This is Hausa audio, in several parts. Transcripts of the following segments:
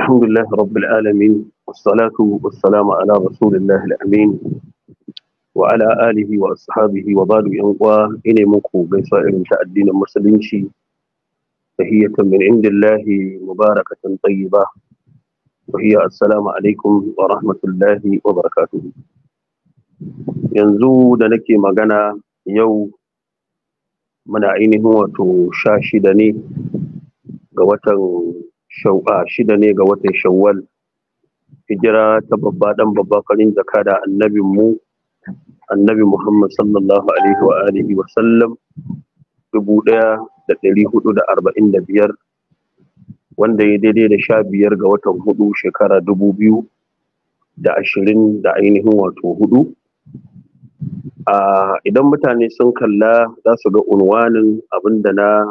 الحمد لله رب العالمين والصلاة والسلام على رسول الله الأمين وعلى آله وأصحابه وبعد ينقوى إني منكو بسائر الدين المرسلين فهي من عند الله مباركة طيبة وهي السلام عليكم ورحمة الله وبركاته ينزو دنكي مغانا يو من عينه وتشاشدني قوة shida ne ga watan shawwal hijira ta babba dan babba karin jaka da annabin mu annabi muhammad sallallahu alaihi wa alihi wa sallam dubu daya da dari hudu da arba'in da biyar wanda ya daidai da sha biyar ga watan hudu shekara dubu biyu da ashirin da ainihin wato hudu idan mutane sun kalla za su ga unwanin abinda na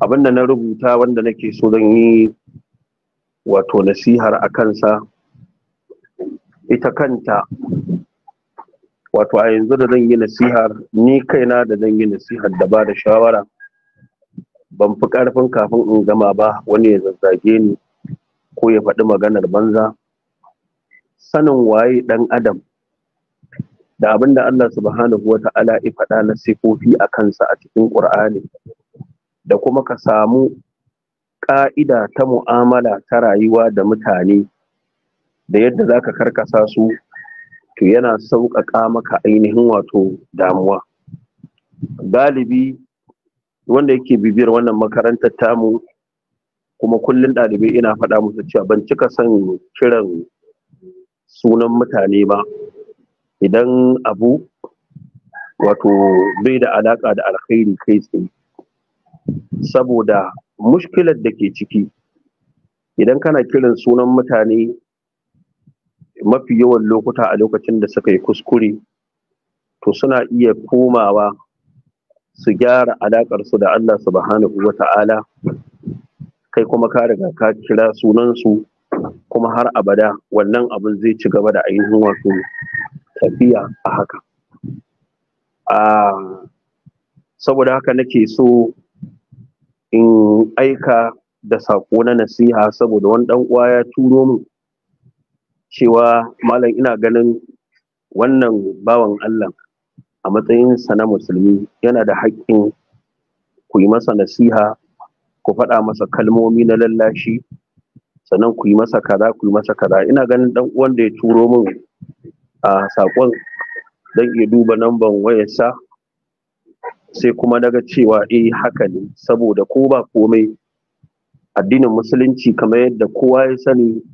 abinda na rubuta wanda nake so zan yi wato nasihar a kansa ita kanta wato a yanzu da zan yi nasihar ni kaina da zan yi nasihar da ba da shawara ban fi ƙarfin kafin in gama ba wani ya zazzage ni ko ya faɗi maganar banza sanin waye ɗan adam da abinda Allah subhanahu wa ta'ala ya faɗa na sifofi a kansa a cikin ƙur'ani da kuma ka samu ƙa'ida ta mu'amala ta rayuwa da mutane da yadda za ka karkasa su to yana sauƙaƙa maka ainihin wato damuwa galibi wanda yake bibiyar wannan makarantar tamu kuma kullum ɗalibai ina faɗa musu cewa ban cika son kiran sunan mutane ba idan abu wato bai da alaƙa da alkhairi kai tsaye saboda mushkilar da ke ciki idan kana kiran sunan mutane mafi yawan lokuta a lokacin da suka yi kuskure to suna iya komawa su gyara alaƙarsu da Allah subhanahu wa ta'ala kai kuma ka riga ka kira sunansu kuma har abada wannan abin zai ci gaba da ainihin wasu tafiya a haka ah, saboda haka nake so in aika da saƙo na nasiha saboda wani ɗan uwa ya turo min cewa malam ina ganin wannan bawan Allah a matsayinsa na musulmi yana da haƙƙin ku yi masa nasiha ku faɗa masa kalmomi na lallashi sannan ku yi masa kaza ku yi masa kaza ina ganin ɗan uwan da ya turo min a ah, saƙon zan iya duba namban wayarsa sai kuma daga cewa eh haka ne saboda ko ba komai addinin musulunci kamar yadda kowa ya sani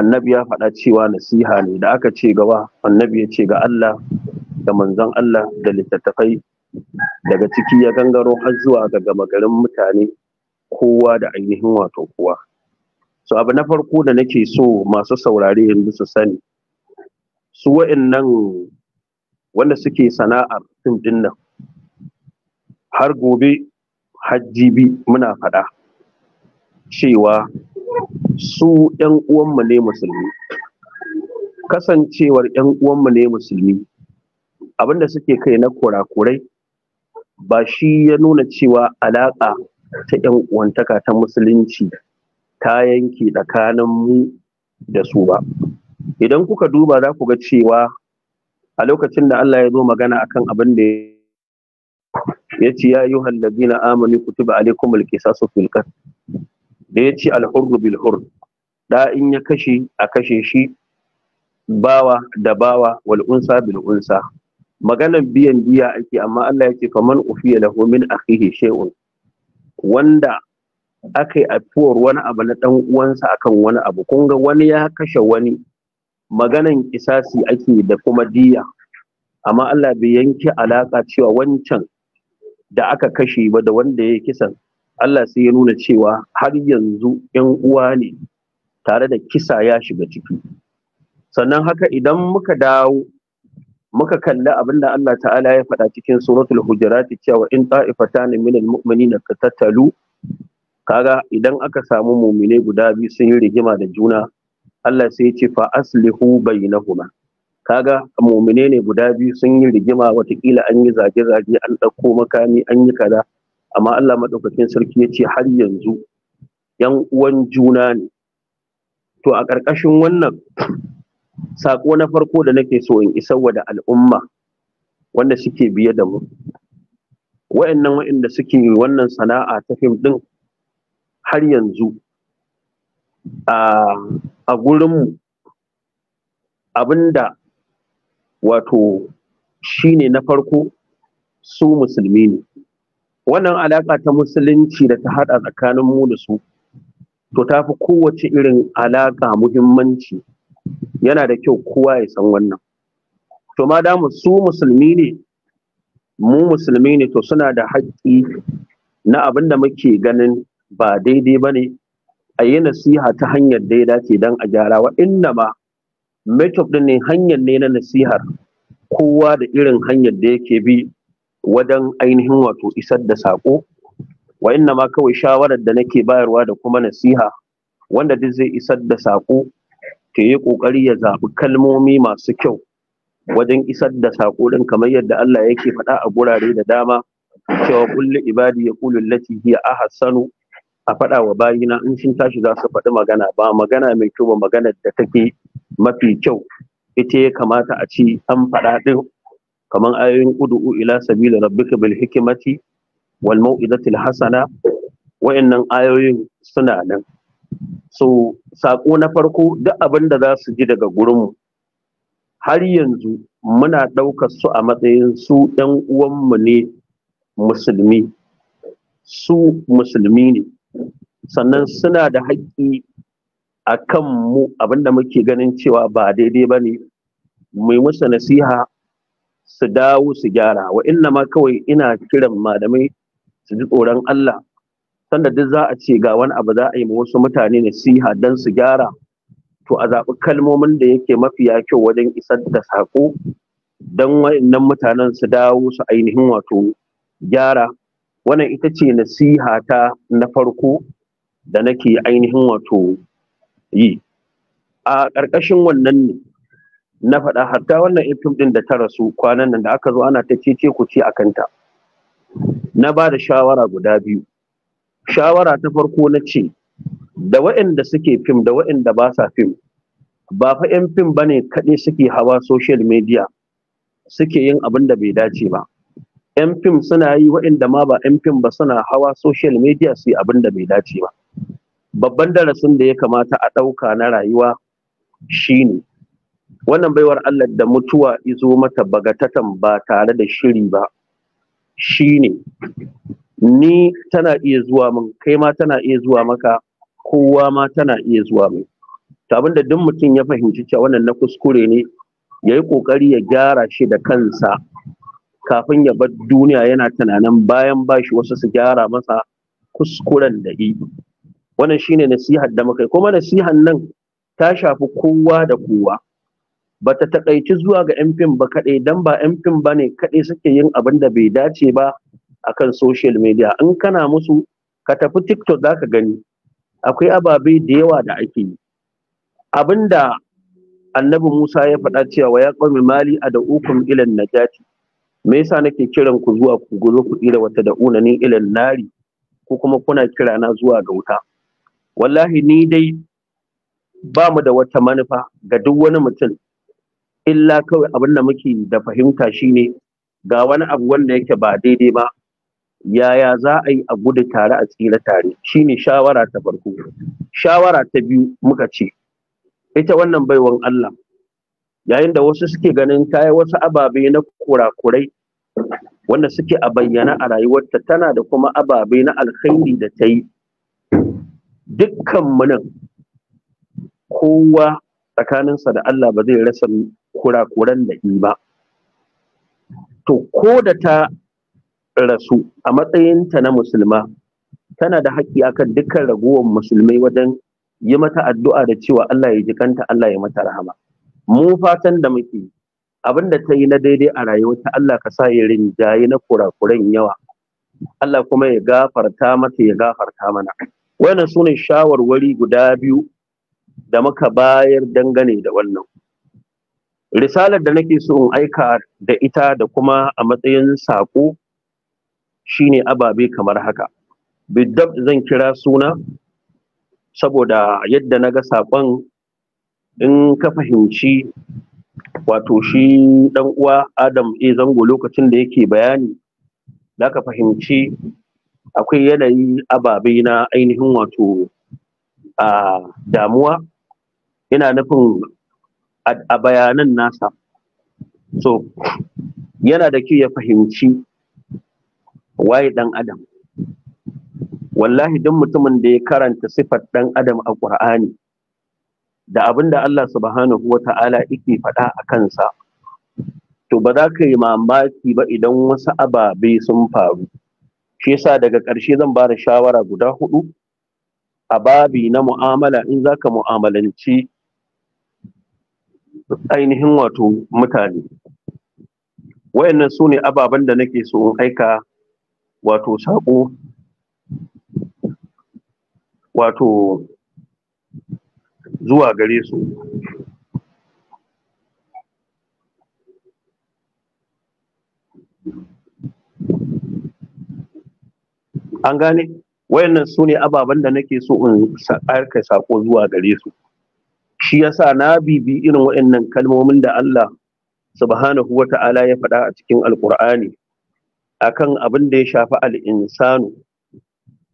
annabi ya faɗa cewa nasiha ne da aka ce gaba annabi ya ce ga Allah da manzon Allah da littattafai daga ciki ya gangaro har zuwa ga gama garin mutane kowa da ainihin wato kowa so abu na farko da nake so masu saurare yanzu su sani su nan wanda suke sana'ar sun ɗin nan har gobe jibi muna faɗa cewa su ‘yan uwanmu ne musulmi kasancewar ‘yan uwanmu ne musulmi abinda suke kai na kurakurai ba shi ya nuna cewa alaƙa ta ‘yan uwantaka ta musulunci ta yanke tsakanin mu da su ba idan kuka duba za ku ga cewa a lokacin da Allah ya zo magana akan abin da ya ce ya yi hallazina amani kutuba alaikum alqisasu su filkar da ya ce alhurru bil da in ya kashe a kashe shi bawa da bawa Wal'unsa, unsa bil maganar biyan biya ake amma Allah ya ce ufi ufiya lahu min akhihi shay'un wanda aka yi afuwar wani abu na dan uwansa akan wani abu kun ga wani ya kashe wani maganan kisasi ake da kuma diya amma Allah bai yanke alaka cewa wancan da aka kashe ba da wanda ya kisan Allah sai ya nuna cewa har yanzu ‘yan uwa ne tare da kisa ya shiga ciki sannan haka idan muka dawo muka kalli abinda Allah ta'ala ya faɗa cikin suratul hujurat cewa in ta'ifatan min al ka katatalu kaga idan aka samu mu'mine guda biyu sun yi rigima da juna Allah sai ya ce fa aslihu bainahuma kaga mumine ne guda biyu sun yi rigima watakila an yi zage-zage an ɗauko makami an yi kaza amma Allah maɗaukakin sarki ya ce har yanzu yan uwan juna ne to a ƙarƙashin wannan saƙo na farko da nake so in isa wa da al'umma wanda suke biye da mu wa'annan wa'anda suke wannan sana'a ta fim ɗin har yanzu a gurinmu abinda wato shi ne na farko su musulmi ne wannan alaƙa ta musulunci da ta haɗa tsakanin mu da su to ta fi kowace irin alaƙa muhimmanci yana da kyau kowa ya san wannan to ma damu su musulmi ne mu musulmi ne to suna da haƙƙi na abin da muke ganin ba daidai ba ne a yi nasiha ta hanyar da ya dace don a gyara wa inna ma ɗin ne hanyar ne na nasihar kowa da irin hanyar da yake bi wajen ainihin wato isar da saƙo wa inna ma kawai shawarar da nake bayarwa da kuma nasiha wanda duk zai isar da saƙo ke yi ƙoƙari ya zaɓi kalmomi masu kyau wajen isar da saƙo ɗin kamar yadda Allah yake faɗa a gurare da dama cewa kullu ibadi ya kullu lati hiya ahsanu a faɗa wa bayina in sun tashi za su faɗi magana ba magana mai kyau ba magana da take mafi kyau ita ya kamata a ci an faɗa ɗin kamar ayoyin udu'u ila sabila rabbika bil hikimati wal mau'izatil hasana wayannan ayoyin suna nan so sako na farko duk abin da za su ji daga gurin mu har yanzu muna ɗaukar su a matsayin su ɗan uwanmu ne musulmi su musulmi ne sannan suna da haƙƙi a kan mu abinda muke ganin cewa ba daidai ba ne mai musu nasiha su dawo su gyara wa inna ma kawai ina kiran malamai su ji tsoron Allah sanda duk za a ce ga wani abu za a yi wasu mutane nasiha don su gyara to a zaɓi kalmomin da yake mafiya kyau wajen isar da saƙo don waɗannan mutanen su dawo su ainihin wato gyara wannan ita ce nasiha ta na farko da nake ainihin wato yi a ƙarƙashin wannan ne na faɗa hatta wannan ifim ɗin da ta rasu kwanan nan da aka zo ana ta cece ku ce a kanta na ba da shawara guda biyu shawara ta farko na ce da waɗanda suke fim da waɗanda ba sa fim ba fa 'yan fim ba ne kaɗai suke hawa social media suke yin abin da bai dace ba 'yan fim suna yi waɗanda ma ba 'yan fim ba suna hawa social media su yi abin da bai dace ba babban darasin da ya kamata a ɗauka na rayuwa shine wannan baiwar Allah da mutuwa izo mata bagatatan ba tare da shiri ba shine ni tana iya zuwa min kai ma tana iya zuwa maka kowa ma tana iya zuwa min to abinda duk mutum ya fahimci cewa wannan na kuskure ne ya yi ƙoƙari ya gyara shi da kansa kafin ya bar duniya yana tunanin bayan ba shi wasu su gyara masa kuskuren da yi wannan shine nasihar da muka yi kuma nasihar nan ta shafi kowa da kowa ba ta takaici zuwa ga yan fim ba kaɗai dan ba yan fim ba ne kaɗai suke yin abin da bai dace ba akan social media in kana musu ka tafi tiktok za ka gani akwai ababe da yawa da ake yi abinda annabi musa ya faɗa cewa ya ƙwami mali a da ukun ilan najati me yasa nake kiran ku zuwa ku gozo ku tsira wata da unani ilal nari ko kuma kuna kira na zuwa ga wuta wallahi ni dai ba mu da wata manufa ga duk wani mutum illa kawai abin da muke da fahimta shine ga wani abu wanda yake ba daidai ba yaya za a yi a gudu tare a tsira tare shine shawara ta farko shawara ta biyu muka ce ita wannan baiwan Allah yayin da wasu suke ganin ta wasu ababe na kurakurai wanda suke a bayyana a rayuwarta tana da kuma ababe na alkhairi da ta yi dukkan munan kowa tsakaninsa da Allah ba zai rasa kurakuran da yi ba to ko da ta rasu a matsayinta na musulma tana da haƙƙi akan dukkan raguwar musulmai wajen yi mata addu'a da cewa Allah ya ji kanta Allah ya mata rahama mu fatan da muke abin da ta yi na daidai a rayuwarta Allah ka sa ya rinjaye na kurakuran yawa Allah kuma ya gafarta mata ya gafarta mana wannan sune shawarwari guda biyu da muka bayar dangane da wannan risalar da nake so in aika da ita da kuma a matsayin saƙo shine ababe kamar haka bidab zan kira suna saboda yadda na ga saƙon in ka fahimci wato shi ɗan uwa adam e zango lokacin da yake bayani za ka fahimci akwai yanayi ababe na ainihin wato a damuwa yana nufin a bayanan nasa so yana da kyau ya fahimci waye ɗan adam wallahi duk mutumin da ya karanta sifar ɗan adam a ƙur'ani da abin da Allah subhanahu wa ta'ala yake faɗa a kansa to ba za ka yi mamaki ba idan wasu ababe sun faru shi yasa daga ƙarshe zan ba da shawara guda hudu a babi na mu'amala in za ka mu'amalanci ainihin wato mutane wayannan su ne ababen da nake so in aika wato saƙo wato zuwa gare su an gane wayannan su ne ababen da nake so in aika sako zuwa gare su shi yasa na bibi irin wayannan kalmomin da Allah subhanahu ta'ala ya faɗa a cikin alkur'ani akan abin da ya shafi al'insanu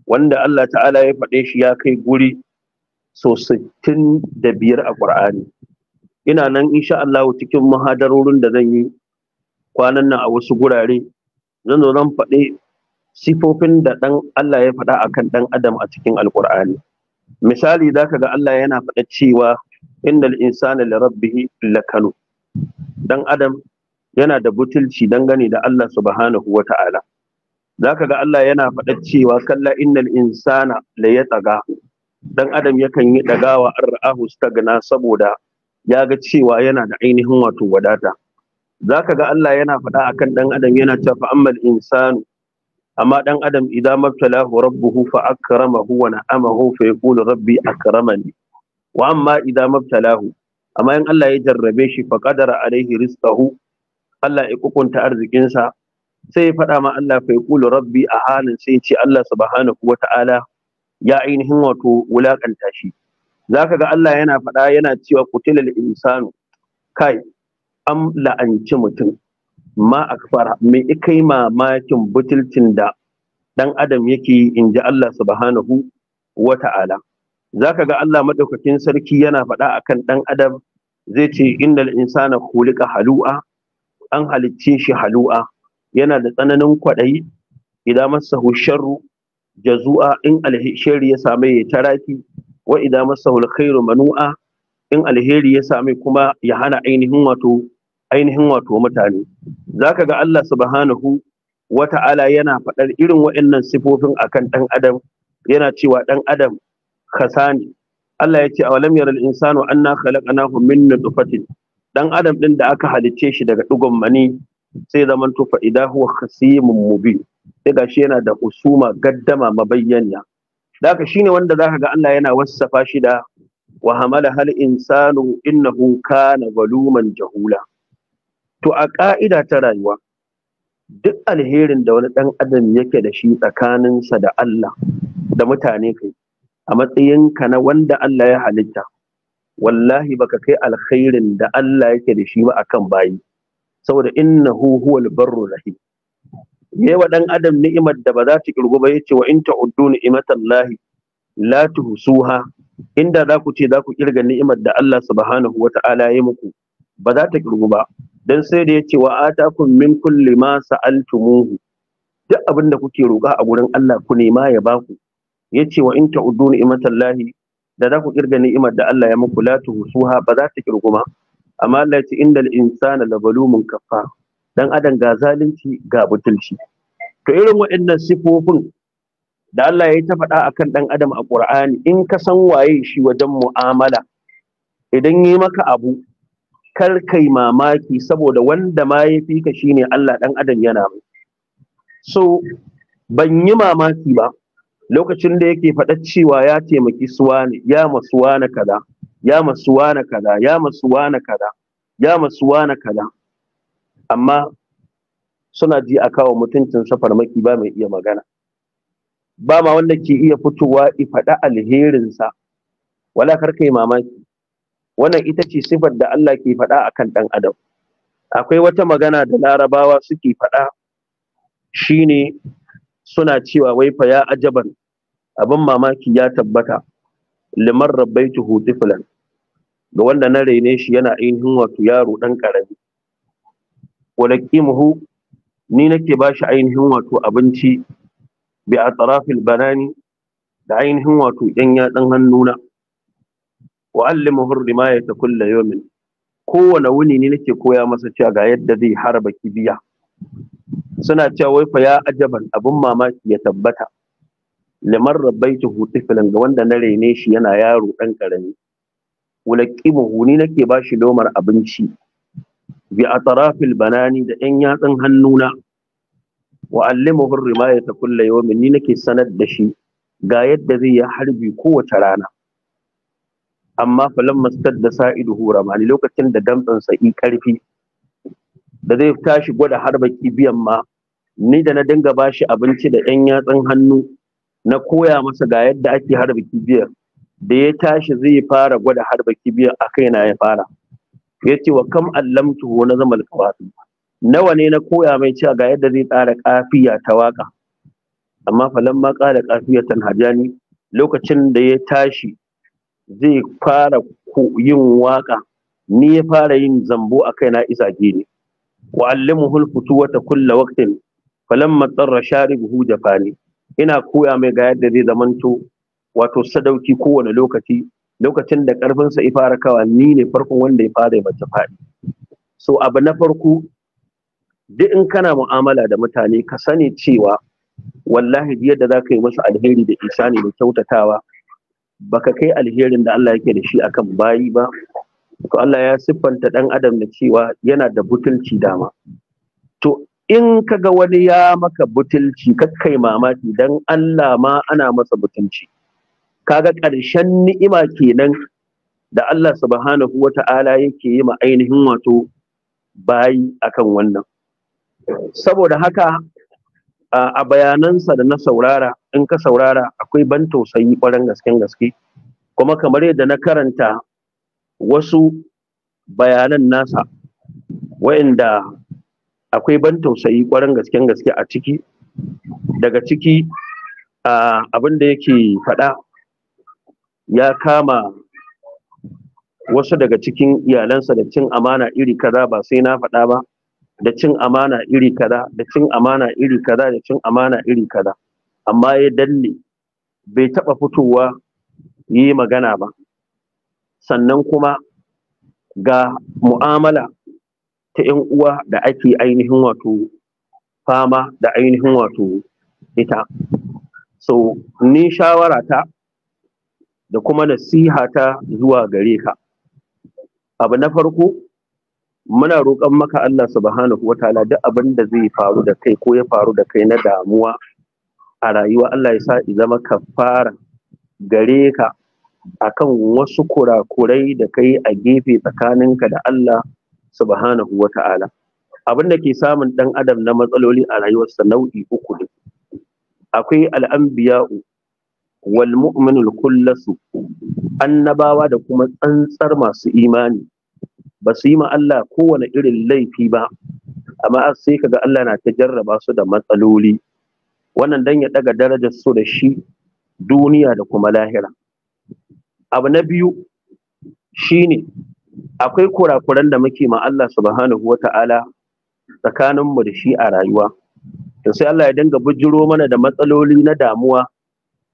wanda Allah ta'ala ya faɗe shi ya kai guri da biyar a Qur'ani ina nan insha Allah cikin muhadarorin da zan yi kwanan nan a wasu gurare zan zo zan faɗi sifofin da dan Allah ya faɗa akan ɗan adam a cikin alƙur'ani misali ka ga Allah yana faɗa cewa innal insana li rabbih lakanu dan adam yana da butulci dangane da Allah subhanahu wata'ala zaka ga Allah yana faɗa cewa kalla innal insana la yataga dan adam yakan yi dagawa an ra'ahu stagna saboda ya ga cewa yana da ainihin wato wadata zaka ga Allah yana faɗa akan dan adam yana cewa fa ammal insanu amma dan adam idan mabtalahu rabbuhu fa akramahu wa na'amahu fa yaqulu rabbi akramani wa amma idan mabtalahu amma in Allah ya jarrabe shi fa qadara alaihi rizqahu Allah ya kukunta arzikinsa sai ya faɗa ma Allah fa yaqulu rabbi a halin sai ya ce Allah subhanahu wa ta'ala ya ainihin wato wulakanta shi zaka ga Allah yana faɗa yana cewa kutilal insanu kai an la'anci mutum ma akfara me kai mamakin butulcin da ɗan adam yake in ji Allah subhanahu wa ta'ala zaka ga Allah madaukakin sarki yana faɗa akan ɗan adam zai ce innal insana khuliqa halu'a an halicce shi halu'a yana da tsananin kwaɗayi idan masa sharru jazu'a in alheri ya same ya taraki wa idza masahu alkhairu manu'a in alheri ya same kuma ya hana ainihin wato ainihin wato mutane zaka ga Allah subhanahu wata'ala yana faɗar irin wa'annan sifofin akan ɗan adam yana cewa ɗan adam khasani Allah ya ce awalam yaral insanu anna khalaqnahu min nutfatin dan adam din da aka halicce shi daga digon mani sai zaman tufa idahu huwa khasimun mubin sai gashi yana da usuma gaddama mabayyaniya daka shine wanda zaka ga Allah yana wassafa shi da wa hamala hal insanu innahu kana zaluman jahula to a ka'ida ta rayuwa duk alherin da wani dan adam yake da shi tsakaninsa da Allah da mutane kai a matsayinka na wanda Allah ya halitta wallahi baka kai alkhairin da Allah yake da shi ba akan bayi saboda innahu huwal barru rahim yayi wa dan adam ni'imar da ba za ta kirgu ba yace wa in uddu ni'matallahi la tuhsuha inda za ku ce za ku kirga ni'imar da Allah subhanahu wata'ala ya muku ba za ta kirgu ba dan sai da yace wa atakum min kulli ma sa'altumuhu duk abin da kuke roƙa a gurin Allah ku nema ya baku yace wa in uddu ni'matallahi da za ku kirga ni'imar da Allah ya muku la tuhsuha ba za ta kirgu ba. amma Allah ya ce innal insana labalumun kafar dan adam ga zalunci ga butulci to irin waɗannan sifofin da Allah ya ta faɗa akan dan adam a Qur'ani in ka san waye shi wajen mu'amala idan yi maka abu kar kai mamaki saboda wanda ma ya fi ka shine Allah dan adam yana mu so ban yi mamaki ba lokacin da yake faɗa cewa ya taimaki suwane ya masuwa na kaza ya masuwa na kaza ya masuwa na kaza ya masuwa na kaza amma suna ji a kawo mutuncin farmaki ba mai iya magana ba ma wanda ke iya fitowa i faɗa alherinsa wala kar kai mamaki wannan ita ce sifar da Allah ke faɗa a kan ɗan adam akwai wata magana da larabawa suke faɗa shine suna cewa wai fa ya ajaban abin mamaki ya tabbata liman tuhu tiflan ga wanda na raine shi yana ainihin wato yaro ɗan ƙarami walaqimuhu ni nake bashi ainihin wato abinci bi atrafil banani da ainihin wato yan yatsun hannuna wa ya ta kulla yomin. kowane wuni ne nake koya masa cewa ga yadda zai harba kibiya suna cewa wai fa ya ajaban abin mamaki ya tabbata liman rabbaituhu tiflan ga wanda na rene shi yana yaro ɗan karami wulaqimuhu ni nake bashi lomar abinci bi a tarafil banani da yan yatsun hannuna wa ya rimayata kullu min ni nake sanar da shi ga yadda zai yi harbi kowace rana amma Falon mastar da sa'idu ni lokacin da damtsan sa'i karfi da zai tashi gwada harba kibiyan ma ni da na dinga ba shi abinci da yan yatsun hannu na koya masa ga yadda ake harba kibiyar da ya tashi zai fara gwada harba kibiyar a kai na ya fara Ya ce wa kam tuho na zama alqawasi nawa ne na koya mai cewa ga yadda zai tsara kafiya ta waka amma da kafiya tan hajani lokacin da ya tashi zai fara yin waka ni ya fara yin zambo a kai, na isa gini. wa allimuhu alfutuwata kulla waqtin falamma tsarra sharibuhu jafani ina koya mai ga yadda zai zamanto wato sadauki kowane lokaci lokacin da ƙarfinsa ya fara kawa ni ne farkon wanda ya fara mace faɗi so abu na farko duk in kana mu'amala da mutane ka sani cewa wallahi yadda za ka yi musu alheri da isani da kyautatawa baka kai alherin da Allah yake da shi akan bayi ba to Allah ya siffanta dan adam da cewa yana da butulci dama to in ka ga wani ya maka butulci kakkai mamaki dan Allah ma ana masa butulci kaga ƙarshen ni'ima kenan da Allah subhanahu wa ta'ala yake yi ma ainihin wato bayi akan wannan saboda haka a bayanansa da na saurara in ka saurara akwai ban tausayi ƙwarar gasken gaske kuma kamar yadda na karanta wasu bayanan nasa wa'inda akwai ban tausayi ƙwarar gasken gaske a ciki daga ciki abin da yake faɗa ya kama wasu daga cikin iyalansa da cin amana iri kaza ba sai na faɗa ba da cin amana iri kaza da cin amana iri kaza da cin amana iri kaza amma ya dalle bai taɓa fitowa yi magana ba sannan kuma ga mu'amala ta 'yan uwa da ake ainihin wato fama da ainihin wato ita so ni shawara ta da kuma nasihata zuwa gare ka abu na farko muna roƙon maka Allah subhanahu wa ta'ala duk abin da zai faru da kai ko ya faru da kai na damuwa a rayuwa Allah ya sa i zama kafara gare ka akan wasu kurakurai da kai a gefe tsakaninka da Allah subhanahu wa ta'ala abin da ke samun dan adam na matsaloli a rayuwarsa nau'i uku ne akwai al'ambiya'u wal mu'minul kullasu annabawa da kuma tsantsar masu imani ba su yi ma Allah kowane irin laifi ba amma sai kaga Allah na ta jarraba su da matsaloli wannan dan ya daga darajar su da shi duniya da kuma lahira abu na biyu shine akwai kurakuran da muke ma Allah subhanahu wata'ala tsakaninmu da shi a rayuwa to sai Allah ya dinga bujiro mana da matsaloli na damuwa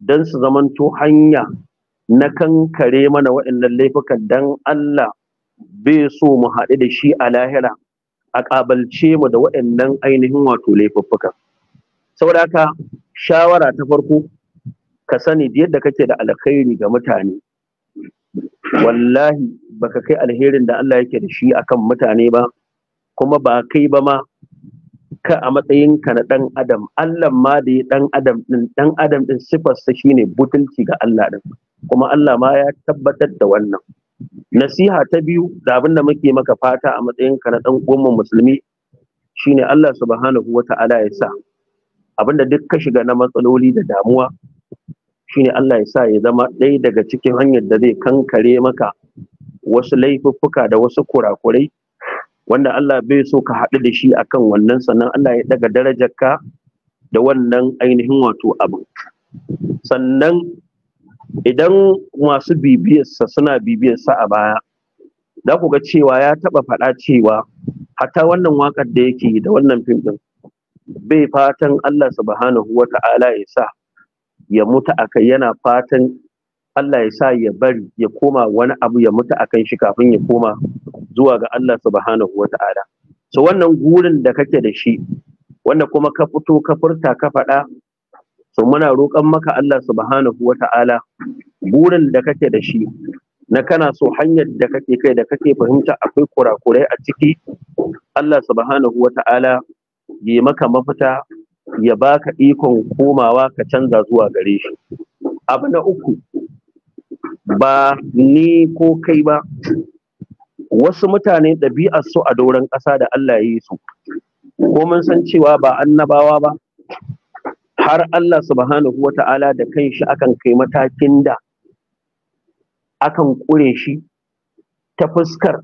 don su zamanto hanya na kankare mana waɗannan laifukan don Allah bai so mu haɗu da shi a lahira a ƙabalce mu da waɗannan ainihin wato laifuffuka Saboda shawara ta farko ka sani yadda kake da alkhairi ga mutane wallahi baka kai alherin da Allah yake da shi akan mutane ba kuma ba kai ba ma ka a matsayin ka na ɗan adam Allah ma da ya dan adam ɗin dan adam din sifarsa shine butulci ga Allah din kuma Allah ma ya tabbatar da wannan nasiha ta biyu da abin da muke maka fata a matsayin ka na ɗan uwan musulmi shine Allah subhanahu wata'ala ya sa abinda duk ka shiga na matsaloli da damuwa shine Allah ya sa ya zama ɗaya daga cikin hanyar da zai kankare maka wasu laifuffuka da wasu kurakurai wanda Allah bai so ka haɗu da shi akan wannan sannan Allah ya daga darajarka da wannan ainihin wato abin sannan idan masu bibiyarsa suna bibiyarsa a baya za ku ga cewa ya taɓa faɗa cewa hatta wannan waƙar da yake da wannan fim ɗin bai fatan Allah subhanahu wa ta'ala ya sa ya mutu akai yana fatan Allah ya sa ya bari ya koma wani abu ya mutu akan shi kafin ya koma zuwa ga Allah subhanahu wata'ala so wannan gurin da kake da shi wanda kuma ka fito ka furta ka faɗa so muna roƙon maka Allah subhanahu wata'ala gurin da kake da shi na kana so hanyar da kake kai da kake fahimta akwai kurakurai a ciki Allah subhanahu wata'ala ya maka mafita ya baka ikon komawa ka canza zuwa gare shi abu na uku ba ni ko kai ba wasu mutane ɗabi'ar su a doron ƙasa da Allah ya yi su ko mun san cewa ba annabawa ba har Allah subhanahu wa ta'ala da shi akan kai matakin da akan ƙure shi ta fuskar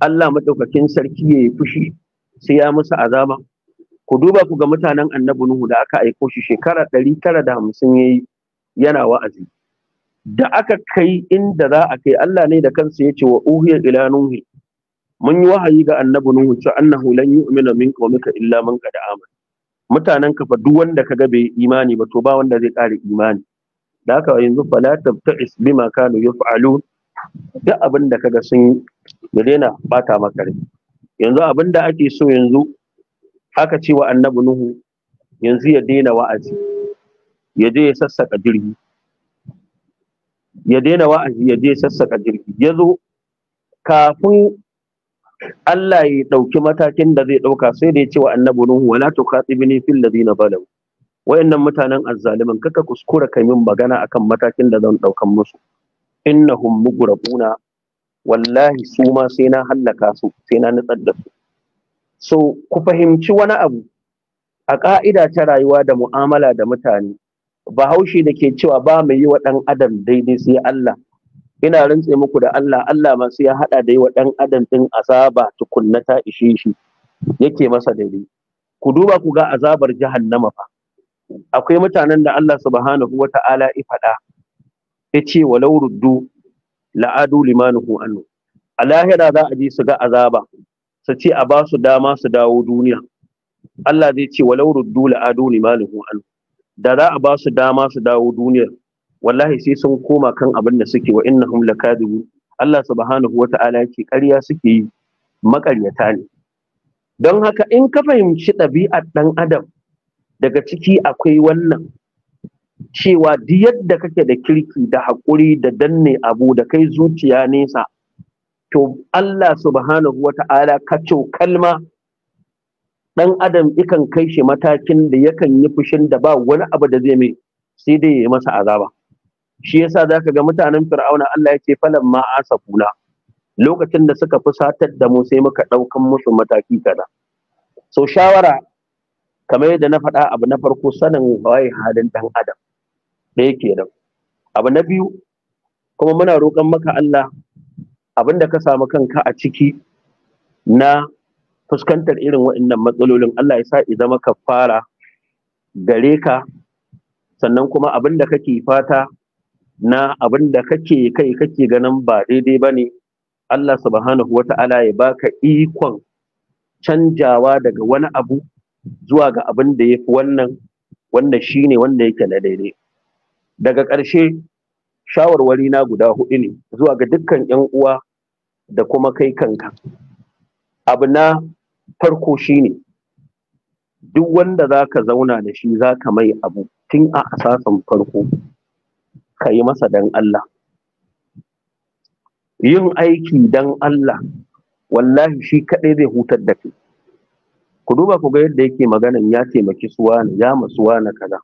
Allah maɗaukakin sarki ya yi fushi sai ya musu azama? ku duba ku ga mutanen annabi Nuhu da aka aiko shi shekara ɗari tara da hamsin ya yi yana wa'azi da aka kai inda za a kai Allah ne da kansa ya ce wa uhiya ila nuhi mun yi wahayi ga annabi nuhu cewa annahu lan yu'mina min qawmika illa man qad amana mutanen ka fa duk wanda kaga bai yi imani ba to ba wanda zai kare imani da haka yanzu fala tabta'is bima kanu yaf'alun da abin da kaga sun ya daina bata maka rai yanzu abin da ake so yanzu aka ce wa annabi nuhu yanzu ya daina wa'azi ya je ya sassaka jirgi ya daina wa'azi ya je sassaka jirgi ya zo kafin Allah ya ɗauki matakin da zai ɗauka sai da ya ce wa annabi Nuhu wala tuqatibni fil ladina zalamu wayannan mutanen azzalimin kaka kuskura kai min magana akan matakin da zan ɗaukan musu innahum mugrabuna wallahi su ma sai na hallaka su sai na nutsar da su so ku fahimci wani abu a ƙa'ida ta rayuwa da mu'amala da mutane bahaushe da ke cewa ba mu yi wa ɗan adam daidai sai Allah ina rantse muku da Allah Allah ma sai ya haɗa da yi wa ɗan adam ɗin azaba tukunna ta ishe shi yake masa daidai ku duba ku ga azabar jahannama fa akwai mutanen da Allah subhanahu wa ta'ala ya faɗa ya ce walau ruddu la'adu limanuhu annu a lahira za a je su ga azaba su ce a ba su dama su dawo duniya Allah zai ce walau ruddu la'adu limanuhu annu da za a ba su dama su dawo duniyar, wallahi sai sun koma kan abin da suke wa hum lakadibu Allah subhanahu wata'ala yake ƙarya suke yi maƙaryata ne don haka in ka fahimci ɗabi'ar ɗan adam daga ciki akwai wannan cewa duk yadda kake da kirki da haƙuri da danne abu da kai zuciya nesa to Allah subhanahu wata'ala ka kalma ɗan adam ikan kai shi matakin da yakan yi fushin da ba wani abu da zai mai sai dai ya masa azaba shi yasa zaka ga mutanen fir'auna Allah ya ce falan ma asafuna lokacin da suka fi satar da mu sai muka ɗaukan musu mataki kada Sau shawara kamar yadda na faɗa abu na farko sanin waye halin ɗan adam ɗaya kenan abu na biyu kuma muna roƙon maka Allah abin da ka samu kanka a ciki na fuskantar irin waɗannan matsalolin Allah ya sa i zama fara gare ka sannan kuma abin da kake fata na abin da kake kai kake ganin ba daidai ba ne Allah subhanahu wa ta'ala ya baka ikon canjawa daga wani abu zuwa ga abin da ya fi wannan wanda shi ne wanda yake na daidai daga ƙarshe shawarwari na guda hudu ne zuwa ga dukkan 'yan uwa da kuma kai kanka abu na farko shine duk wanda za ka zauna da shi za ka mai abu tun a asasin farko ka yi masa dan Allah yin aiki dan Allah wallahi shi kaɗai zai hutar da kai ku duba ku ga yadda yake maganan ya taimaki suwa na ya masuwa na kaza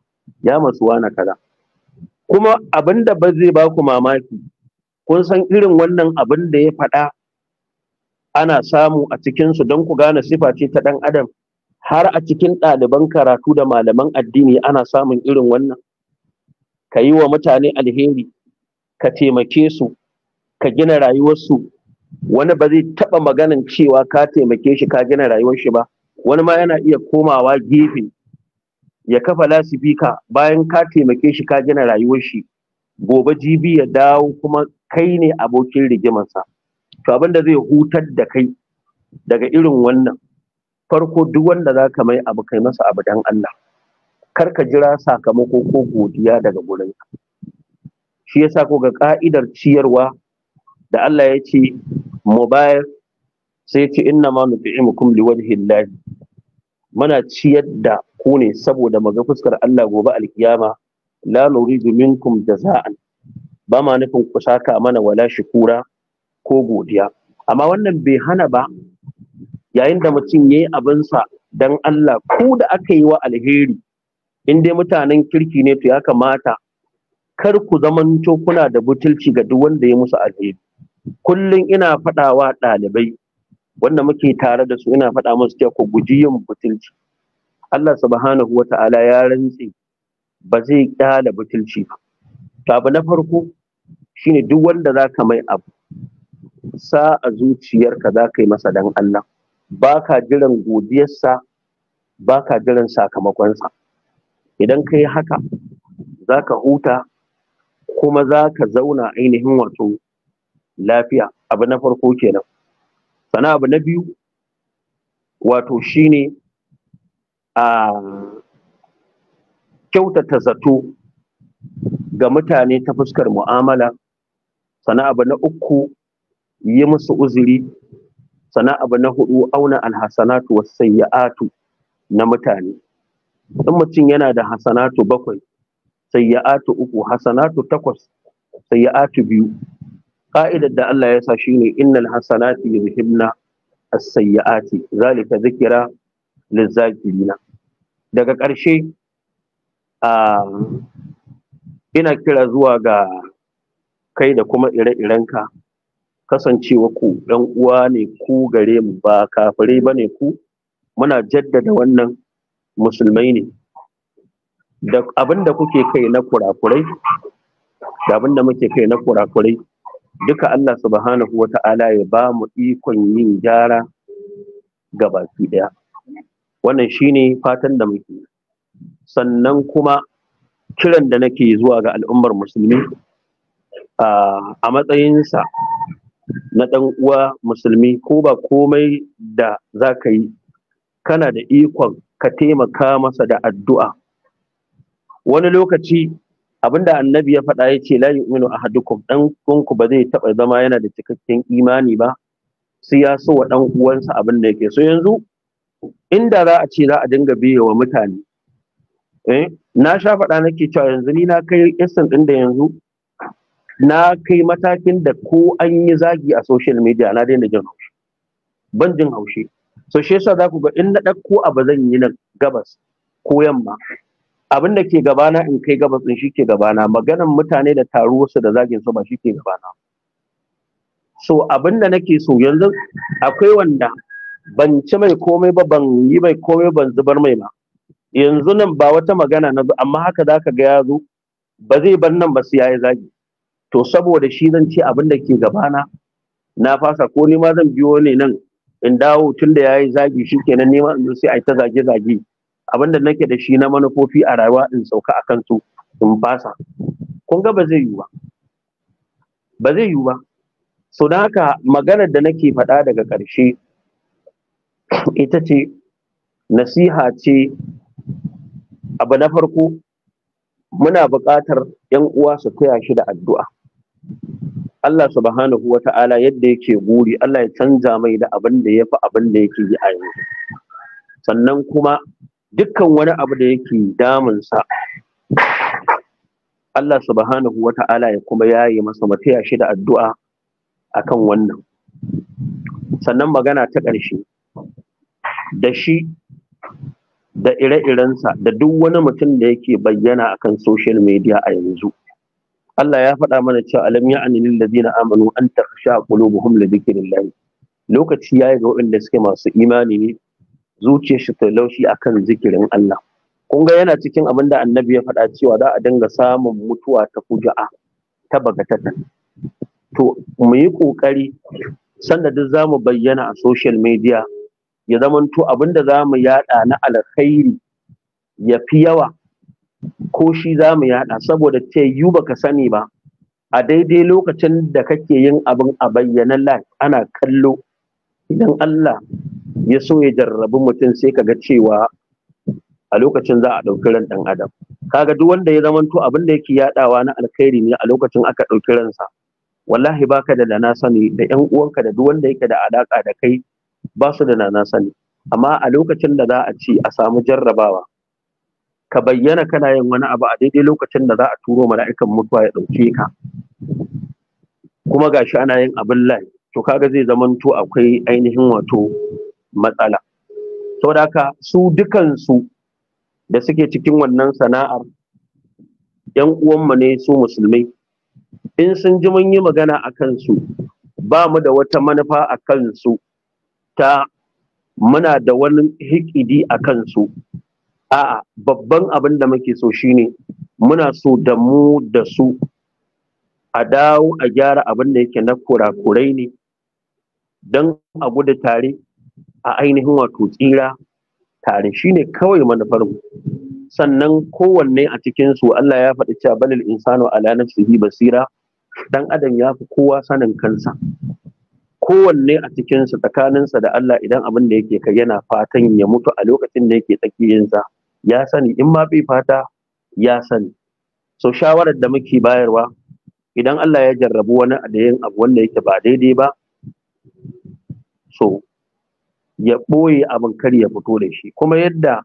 ya masuwa na kaza kuma abinda da ba zai ba ku mamaki kun san irin wannan abin da ya faɗa ana samu a cikinsu don ku gane sifa ce ta ɗan adam har a cikin ɗaliban karatu da malaman addini ana samun irin wannan ka yi wa mutane alheri ka taimake su ka gina rayuwarsu wani ba zai taɓa maganin cewa ka taimake shi ka gina rayuwar shi ba wani ma yana iya komawa gefe ya kafa lasifika bayan ka taimake shi ka gina rayuwar shi gobe jibi ya dawo kuma kai ne abokin rigimarsa to abin da zai hutar da kai daga irin wannan farko duk wanda za ka mai abu kai masa abu dan Allah kar ka jira sakamako ko godiya daga gurin shi yasa ko ga ka'idar ciyarwa da Allah ya ce mu bayar sai ce inna ma nuti'imukum liwajhi Allah muna ciyar da ku ne saboda maga fuskar Allah gobe alkiyama la nuridu minkum jaza'an ba ma nufin ku saka mana wala shukura ko godiya amma wannan bai hana ba yayin da mutum ya yi sa don Allah ko da aka yi wa alheri in dai mutanen kirki ne to ya kamata kar ku zamanto kuna da butulci ga duk wanda ya musu alheri kullum ina faɗawa ɗalibai wanda muke tare da su ina faɗa musu cewa ku guji yin butulci Allah subhanahu wata'ala ya rantse ba zai ƙyala butulci ba to abu na farko shine duk wanda za ka mai abu sa a zuciyarka za ka yi masa dan Allah ba ka jiran godiyarsa ba ka jiran sakamakonsa idan ka yi haka za ka huta kuma za ka zauna ainihin wato lafiya abu na farko kenan sana abu na biyu wato shine a kyautata zato ga mutane ta fuskar mu'amala sana abu na uku yi musu uzuri sana abu na hudu auna alhasanatu wasayyatu na mutane in mutum yana da hasanatu bakwai sayyatu uku hasanatu takwas sayyatu biyu ka'idar da Allah ya sa shine innal hasanati yuhibna as sayyati zalika zikira lizakirina daga ƙarshe ina kira zuwa ga kai da kuma ire-irenka kasancewa ku ɗan uwa ne ku gare mu ba kafirai ba ne ku muna jaddada wannan musulmai ne da abin da kuke kai na kurakurai da abin da muke kai na kurakurai duka Allah subhanahu wa ta'ala ya ba mu ikon yin gyara ga baki ɗaya wannan shine fatan da muke sannan kuma kiran da nake zuwa ga al'ummar musulmi a matsayinsa na ɗan uwa musulmi ko ba komai da za ka yi kana da ikon ka taimaka masa da addu'a wani lokaci abinda annabi ya faɗa ya ce layi uminu a hadukum ɗan kunku ba zai taɓa zama yana da cikakken imani ba sai ya so wa ɗan uwansa abin da yake so yanzu inda za a ce za a dinga biye wa mutane eh, na sha faɗa nake cewa yanzu ni na kai isan ɗin da yanzu na kai matakin da ko an yi zagi a social media na daina jin haushi ban jin haushi so shi yasa za ku ga in na ɗauko abu zan yi nan gabas ko yamma abin da ke gabana in kai gabas din shi ke gabana maganan mutane da taruwa su da zagin su ba shi ke gabana so abin da nake so yanzu akwai wanda ban ci mai komai ba ban yi mai komai ban zubar mai ba yanzu nan ba wata magana na amma haka za ka ga ya zo ba zai bar nan ba ya yayi zagi to saboda shi zan ce abin da ke gabana na fasa ko nima zan biyo ne nan in dawo tun da yayi zagi shi na nema, in sai ai ta zage zage abin da nake da shi na manufofi a rayuwa in sauka akan su in fasa kun ga ba zai yiwu ba ba zai yiwu ba so don haka maganar da nake faɗa daga ƙarshe ita ce nasiha ce abu na farko muna buƙatar 'yan uwa su taya shi da addu'a Allah subhanahu wa ta'ala yadda yake buri Allah ya canza mai da abin da ya fi abin da yake yi a yanzu sannan kuma dukkan wani abu da yake damunsa Allah subhanahu wa ta'ala ya kuma yaye masa mataya shi da addu'a kan wannan sannan magana ta ƙarshe da shi da ire-irensa da duk wani mutum da yake bayyana akan social media a yanzu Allah ya faɗa mana cewa alam ya anil ladina amanu an takhsha qulubuhum li dhikrillah lokaci yayi ga waɗanda suke masu imani ne zuciyar shi ta laushi akan zikirin Allah kun ga yana cikin abin da annabi ya faɗa cewa za a dinga samun mutuwa ta fuja'a ta bagatata to mu yi ƙoƙari sanda duk za bayyana a social media ya zamanto abinda da za mu yaɗa na alkhairi ya fi yawa ko shi za mu yaɗa saboda ce yu ba ka sani ba a daidai lokacin da kake yin abin a bayyana live ana kallo idan Allah ya so ya jarrabi mutum sai ka ga cewa a lokacin za a ɗauki ran ɗan adam kaga duk wanda ya zamanto abin da yake yaɗawa na alkhairi ne a lokacin aka ɗauki ransa wallahi baka da na sani da ƴan uwanka da duk wanda yake da alaƙa da kai ba su da na sani amma a lokacin da za a ci a samu jarrabawa ka bayyana kana yin wani abu a daidai lokacin da za a turo mala'ikan mutuwa ya ɗauke ka kuma ga shi ana yin abin layi to kaga zai zamanto akwai ainihin wato matsala saboda haka su dukansu da suke cikin wannan sana'ar yan uwanmu ne su musulmai in sun ji mun yi magana a kansu ba mu da wata manufa a kansu ta muna da wani hikidi a kansu a'a babban abin da muke so shine muna so da mu da su a dawo a gyara abin da yake na kurakurai ne don a gudu tare a ainihin wato tsira tare shine kawai mu sannan kowanne a cikinsu Allah ya faɗi cewa balil insanu ala nafsihi basira dan adam ya fi kowa sanin kansa kowanne a cikinsu tsakaninsa da Allah idan abin da yake kai yana fatan ya mutu a lokacin da yake tsakiyinsa ya sani in ma bai fata ya sani so shawarar da muke bayarwa idan Allah ya jarrabu wani da yin abu wanda yake ba daidai ba so ya ɓoye abin kar ya fito da shi kuma yadda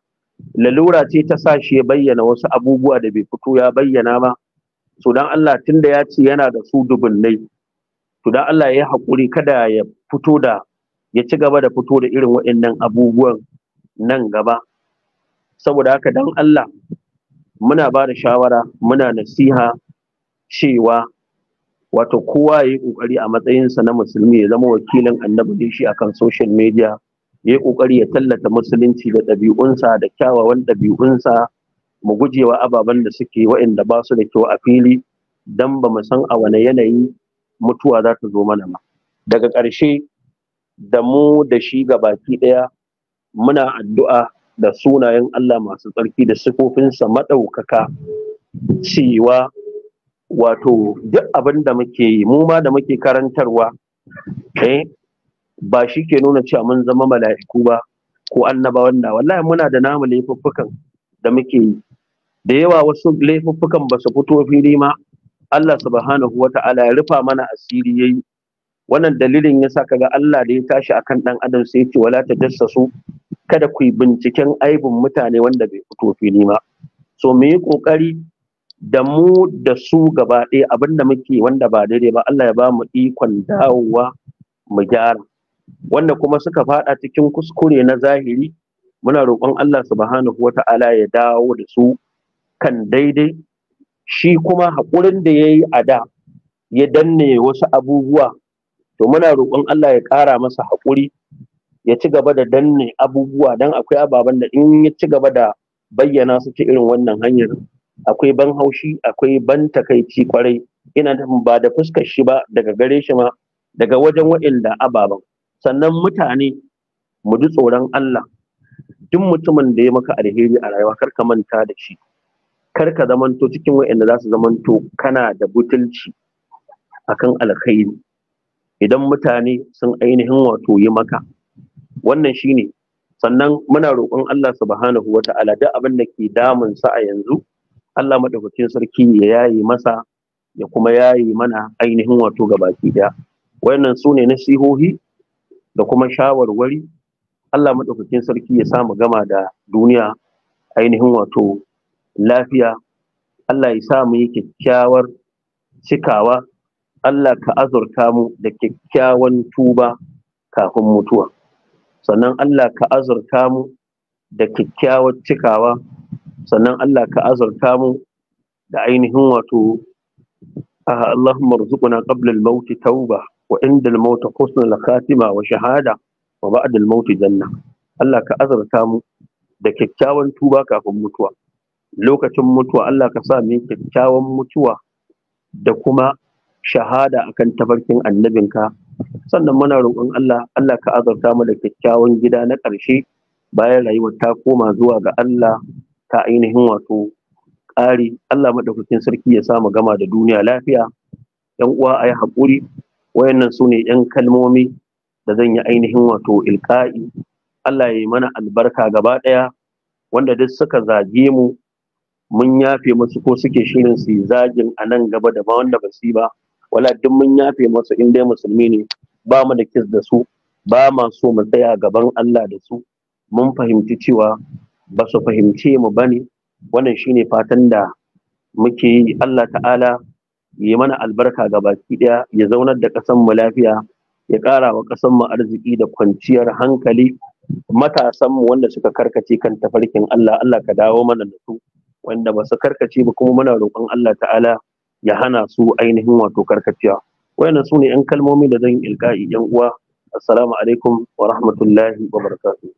lalura ce ta sa shi ya bayyana wasu abubuwa da bai fito ya bayyana ba so dan Allah tunda ya ce yana da su dubunnai to dan Allah ya hakuri kada ya fito da ya ci gaba da fito da irin waɗannan abubuwan nan gaba saboda haka dan Allah muna ba da shawara muna nasiha cewa wato kowa ya yi ƙoƙari a matsayinsa na musulmi ya zama wakilin annabi da shi akan social media ya yi ƙoƙari ya tallata musulunci da ɗabi'unsa da kyawawan ɗabi'unsa mu gujewa ababen da suke waɗanda ba su da kyau a fili don ba mu san a wane yanayi mutuwa za ta zo mana ba daga ƙarshe da mu da shi ga baki ɗaya muna addu'a da sunayen Allah masu tsarki da sifofinsa maɗaukaka cewa wato duk abin da muke yi mu ma da muke karantarwa eh ba shi ke nuna cewa mun zama mala'iku ba ko annaba da wallahi muna da namu laifuffukan da muke yi da yawa wasu laifuffukan ba su fito fili ma Allah subhanahu wata'ala ya rufa mana asiri yayi wannan dalilin yasa kaga Allah da ya tashi akan dan adam sai ya ce wala tajassasu kada ku yi binciken aibin mutane wanda bai fito fili ba so mu yi kokari da mu da su gaba ɗaya abin da muke wanda ba daidai ba Allah ya ba mu ikon dawowa mu gyara wanda kuma suka fada cikin kuskure na zahiri muna roƙon Allah subhanahu wata'ala ya dawo da su kan daidai shi kuma haƙurin da ya yi a da ya danne wasu abubuwa to muna roƙon Allah ya ƙara masa haƙuri ya ci gaba da danne abubuwa dan akwai ababen da in ya ci gaba da bayyana su ta irin wannan hanyar akwai ban haushi akwai ban takaici kwarai ina da ba da fuskar shi ba daga gare shi ma daga wajen wa'inda ababen sannan mutane mu ji tsoron Allah duk mutumin da ya maka alheri a rayuwa kar ka manta da shi kar ka zamanto cikin wa'inda za su zamanto kana da butulci akan alkhairi idan mutane sun ainihin wato yi maka wannan shine sannan muna roƙon Allah subhanahu wa ta'ala da abin da ke damun sa a yanzu Allah madaukakin sarki ya yayi masa ya kuma yayi mana ainihin wato ga baki daya wayannan su ne nasihohi da kuma shawarwari Allah madaukakin sarki ya samu gama da duniya ainihin wato lafiya Allah ya sa mu yi kyakkyawar cikawa Allah ka azurta mu da kyakkyawan tuba kafin mutuwa sannan Allah ka azurta mu da kyakkyawar cikawa sannan Allah ka azurta mu da ainihin wato ah, Tauba, wa inda al-maut husna al-khatima wa wa wa ba'da al-maut Janna. Allah ka azurta mu da kyakkyawan tuba kafin mutuwa lokacin mutuwa Allah ka sa mu kyakkyawan mutuwa da kuma shahada akan tabarkin annabinka sannan muna roƙon Allah Allah ka azarta mu da kyakkyawan gida na ƙarshe bayan rayuwar ta koma zuwa ga Allah ta ainihin wato ƙari Allah maɗaukakin sarki ya samu gama da duniya lafiya yan uwa ayi haƙuri wayannan su ne yan kalmomi da zan yi ainihin wato ilka'i Allah ya yi mana albarka gaba ɗaya wanda duk suka zage mu mun yafe musu ko suke shirin su yi zagin a nan gaba da ba wanda ba su yi ba wala duk mun yafe musu in dai musulmi ne ba mu da kis da su ba ma so mu tsaya gaban Allah da su mun fahimci cewa ba su fahimce mu bane wannan shine fatan da muke yi Allah ta'ala yi mana albarka ga baki ɗaya ya zaunar da ƙasar mu lafiya ya ƙara wa ƙasar mu arziki da kwanciyar hankali matasan mu wanda suka karkace kan tafarkin Allah Allah ka dawo mana da su wanda ba su karkace ba kuma muna roƙon Allah ta'ala ya hana su ainihin wato karkacewa wayannan su ne yan kalmomi da zan ilka'i yan uwa assalamu alaikum wa rahmatullahi wa barakatuh